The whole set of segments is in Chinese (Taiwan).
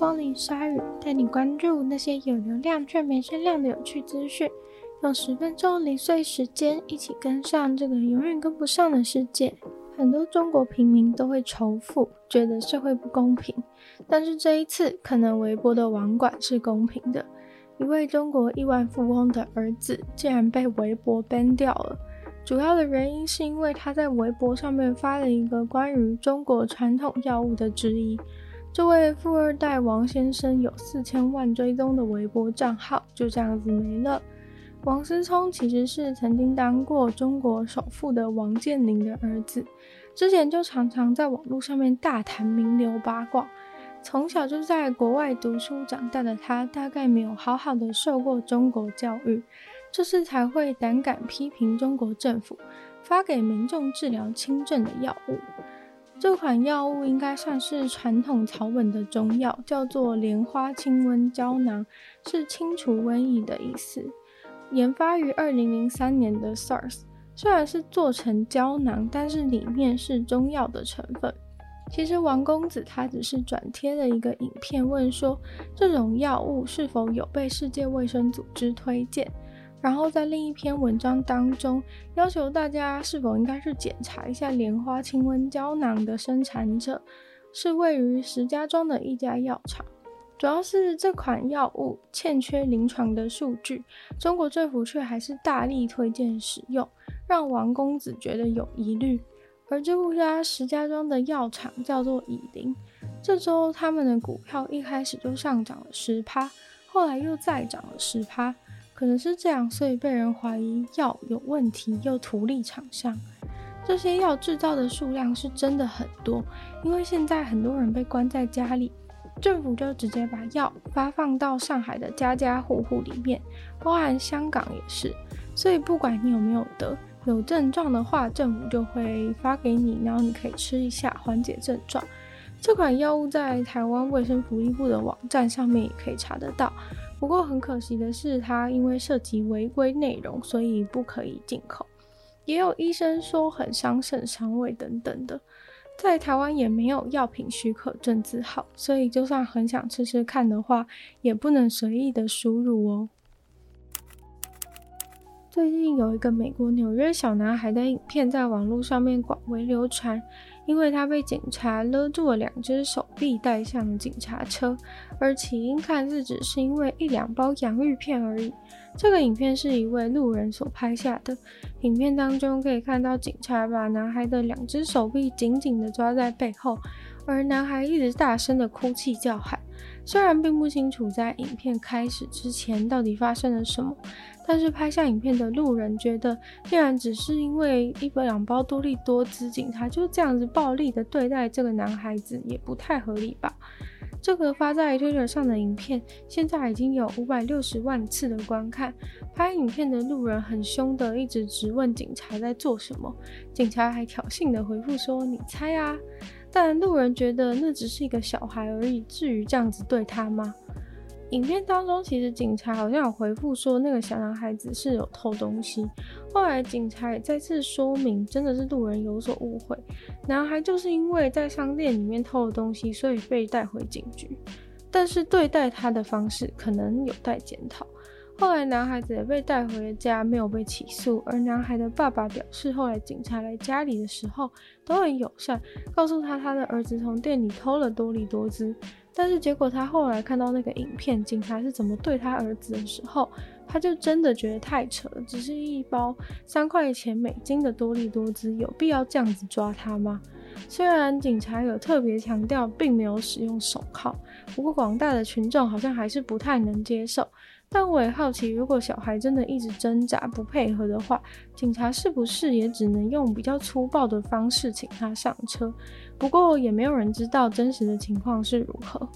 光臨鯊語，帶你關注那些有流量卻沒聲量的有趣資訊。用十分鐘零碎時間，一起跟上這個永遠跟不上的世界。很多中國平民都會仇富，覺得社會不公平。但是這一次，可能微博的網管是公平的。一位中國億萬富翁的兒子竟然被微博 ban 掉了。主要的原因是因為他在微博上面發了一個關於中國傳統藥物的質疑。這位富二代王先生有四千萬追蹤的微博賬號，就這樣子沒了。王思聰其實是曾經當過中國首富的王健林的兒子，之前就常常在網絡上面大談名流八卦。從小就在國外讀書長大的他，大概沒有好好的受過中國教育，這次才會膽敢批評中國政府，發給民眾治療輕症的藥物。這款藥物應該算是傳統草本的中藥，叫做蓮花清瘟膠囊，是清除瘟疫的意思。研發於二零零三年的 SARS，雖然是做成膠囊，但是裡面是中藥的成分。其實王公子他只是轉貼了一個影片，問說這種藥物是否有被世界衛生組織推薦。然後在另一篇文章當中，要求大家是否應該去檢查一下蓮花清瘟膠囊的生產者，是位於石家莊的一家藥廠。主要是這款藥物欠缺臨床的數據，中國政府卻還是大力推薦使用，讓王公子覺得有疑慮。而這部家石家莊的藥廠叫做以嶺，這周他們的股票一開始就上漲了十趴，後來又再漲了十趴。可能是這樣，所以被人懷疑藥有問題又圖利廠商。這些藥製造的數量是真的很多，因為現在很多人被關在家裡，政府就直接把藥發放到上海的家家戶戶裡面，包含香港也是。所以不管你有沒有得，有症狀的話，政府就會發給你，然後你可以吃一下緩解症狀。這款藥物在台灣衛生福利部的網站上面也可以查得到。不過很可惜的是，它因為涉及違規內容，所以不可以進口。也有醫生說很傷腎、傷胃等等的，在台灣也沒有藥品許可證字號，所以就算很想吃吃看的話，也不能隨意的輸入哦。最近有一個美國紐約小男孩的影片在網絡上面廣為流傳。因為他被警察勒住了兩隻手臂，帶向了警察車，而起因看似只是因為一兩包洋芋片而已。這個影片是一位路人所拍下的，影片當中可以看到警察把男孩的兩隻手臂緊緊地抓在背後，而男孩一直大聲地哭泣叫喊。雖然並不清楚在影片開始之前到底發生了什麼。但是拍下影片的路人覺得，竟然只是因為一包兩包多力多滋，警察就這樣子暴力的對待這個男孩子，也不太合理吧？這個發在 Twitter 上的影片，現在已經有五百六十萬次的觀看。拍影片的路人很兇的，一直質問警察在做什麼，警察還挑釁的回復說：“你猜啊。”但路人覺得那只是一個小孩而已，至於這樣子對他嗎？影片當中，其實警察好像有回復說，那個小男孩子，是有偷東西。後來警察也再次說明，真的是路人有所誤會，男孩就是因為在商店裡面偷了東西，所以被帶回警局。但是對待他的方式，可能有待檢討。後來，男孩子也被帶回家，沒有被起訴。而男孩的爸爸表示，後來警察來家裡的時候都很友善，告訴他他的兒子從店裡偷了多利多滋。但是，結果他後來看到那個影片，警察是怎麼對他兒子的時候，他就真的覺得太扯了。只是一包三塊錢美金的多利多滋，有必要這樣子抓他嗎？雖然警察有特別強調並沒有使用手銬，不過廣大的群眾好像還是不太能接受。但我也好奇，如果小孩真的一直掙扎不配合的話，警察是不是也只能用比較粗暴的方式請他上車？不過也沒有人知道真實的情況是如何。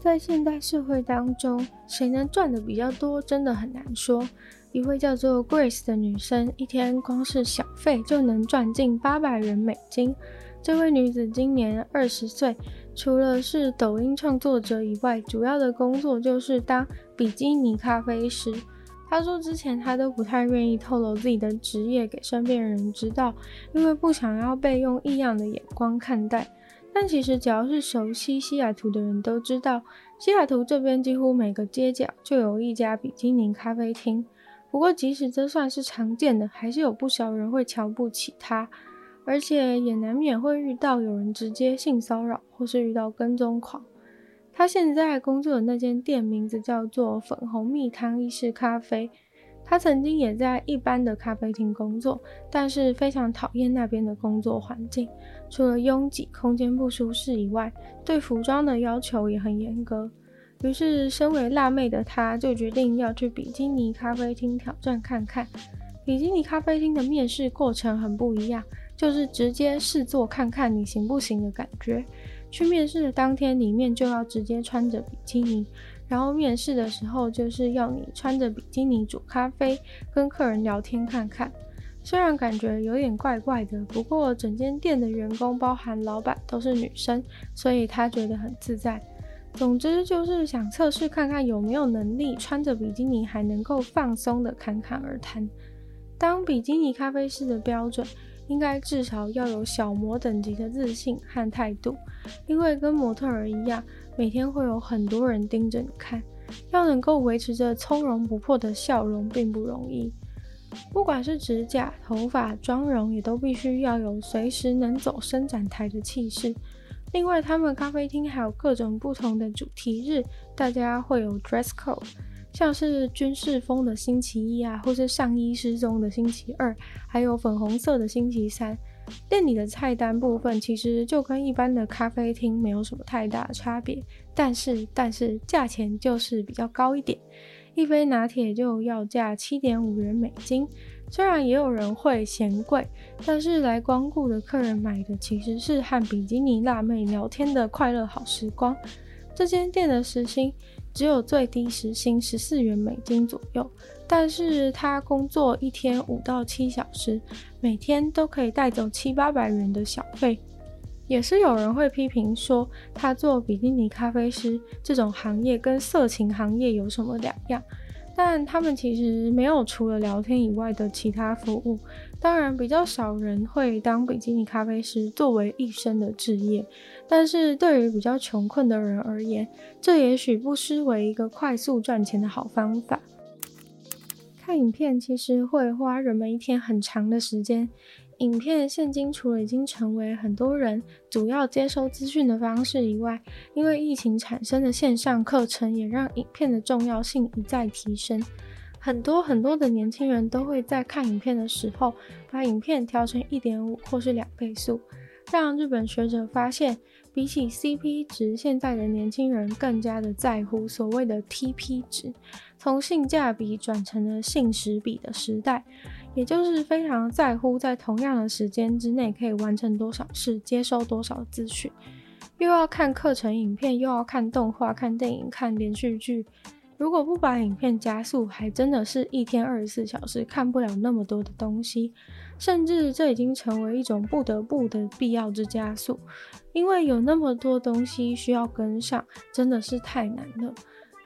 在現代社會當中，誰能賺的比較多，真的很難說。一位叫做 Grace 的女生，一天光是小費就能賺近八百元美金。這位女子今年二十歲，除了是抖音創作者以外，主要的工作就是當比基尼咖啡師。她說：“之前她都不太願意透露自己的職業給身邊人知道，因為不想要被用異樣的眼光看待。但其實，只要是熟悉西雅圖的人都知道，西雅圖這邊幾乎每個街角就有一家比基尼咖啡廳。”不過，即使這算是常見的，還是有不少人會瞧不起他，而且也難免會遇到有人直接性騷擾，或是遇到跟蹤狂。他現在工作的那間店名字叫做“粉紅蜜湯意式咖啡”。他曾經也在一般的咖啡廳工作，但是非常討厭那邊的工作環境，除了擁擠、空間不舒適以外，對服裝的要求也很嚴格。於是，身為辣妹的她就決定要去比基尼咖啡廳挑戰看看。比基尼咖啡廳的面試過程很不一樣，就是直接試做看看你行不行的感覺。去面試的當天，裡面就要直接穿着比基尼，然後面試的時候就是要你穿着比基尼煮咖啡、跟客人聊天看看。雖然感覺有點怪怪的，不過整間店的員工，包含老闆都是女生，所以她覺得很自在。總之就是想測試看看有沒有能力穿着比基尼還能夠放鬆的侃侃而談。當比基尼咖啡師的標準，應該至少要有小模等級的自信和態度，因為跟模特兒一樣，每天會有很多人盯着你看，要能夠維持着從容不迫的笑容並不容易。不管是指甲、頭髮、妝容，也都必須要有隨時能走伸展台的氣勢。另外，他們咖啡廳還有各種不同的主題日，大家會有 dress code，像是軍事風的星期一啊，或是上衣失蹤的星期二，還有粉紅色的星期三。店裡的菜單部分其實就跟一般的咖啡廳沒有什麼太大的差別，但是但是價錢就是比較高一點。一杯拿鐵就要價七點五元美金，雖然也有人會嫌貴，但是來光顧的客人買的其實是和比基尼辣妹聊天的快樂好時光。這間店的時薪只有最低時薪十四元美金左右，但是他工作一天五到七小時，每天都可以帶走七八百元的小費。也是有人會批評說，他做比基尼咖啡師這種行業跟色情行業有什麼兩樣？但他們其實沒有除了聊天以外的其他服務。當然，比較少人會當比基尼咖啡師作為一生的職業，但是對於比較窮困的人而言，這也許不失為一個快速賺錢的好方法。看影片其實會花人們一天很長的時間。影片現今除了已經成為很多人主要接收資訊的方式以外，因為疫情產生的線上課程也讓影片的重要性一再提升。很多很多的年輕人都會在看影片的時候，把影片調成一點五或是兩倍速，讓日本學者發現，比起 CP 值，現在的年輕人更加的在乎所謂的 TP 值，從性價比轉成了性時比的時代。也就是非常在乎在同樣的時間之內可以完成多少事，接收多少資訊，又要看課程影片，又要看動畫、看電影、看連續劇。如果不把影片加速，還真的是一天二十四小時看不了那麼多的東西。甚至這已經成為一種不得不的必要之加速，因為有那麼多東西需要跟上，真的是太難了。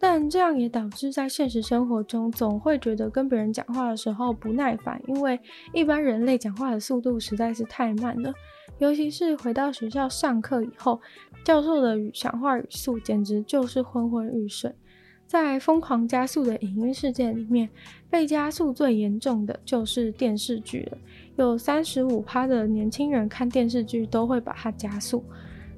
但這樣也導致在現實生活中，總會覺得跟別人講話的時候不耐煩，因為一般人類講話的速度實在是太慢了。尤其是回到學校上課以後，教授的語講話語速簡直就是昏昏欲睡。在瘋狂加速的影音世界裡面，被加速最嚴重的就是電視劇了。有三十五趴的年輕人看電視劇都會把它加速。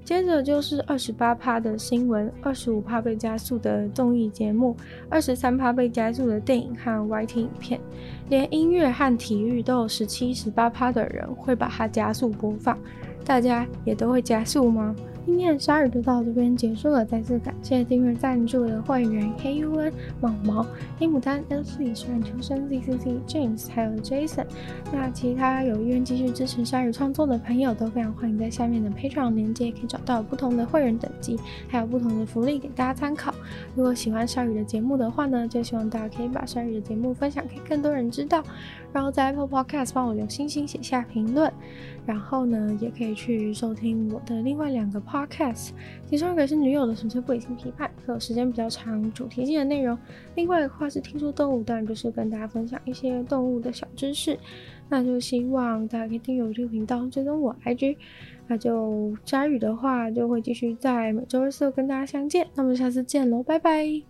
接着就是二十八趴的新聞，二十五趴被加速的綜藝節目，二十三趴被加速的電影和 YT 影片，連音樂和體育都有十七、十八趴的人會把它加速播放，大家也都會加速嗎？今天的鯊魚就到這邊結束了，再次感謝訂閱贊助的會員 KUN、毛毛、黑牡丹、L C、沈秋生、Z C C、James，還有 Jason。那其他有意願繼續支持鯊魚創作的朋友，都非常歡迎在下面的 Patreon 鏈接可以找到不同的會員等級，還有不同的福利給大家參考。如果喜歡鯊魚的節目的話呢，就希望大家可以把鯊魚的節目分享給更多人知道。然後在 Apple Podcast 幫我留星星，寫下評論。然後呢，也可以去收聽我的另外兩個 Podcast，其中一個是女友的純粹不理性批判，可有時間比較長、主題性的內容；另外的話是聽說動物，當然就是跟大家分享一些動物的小知識。那就希望大家可以訂閱我這個頻道，追蹤我 IG。那就鯊語的話，就會繼續在每周二、四跟大家相見。那麼下次見嘍，拜拜。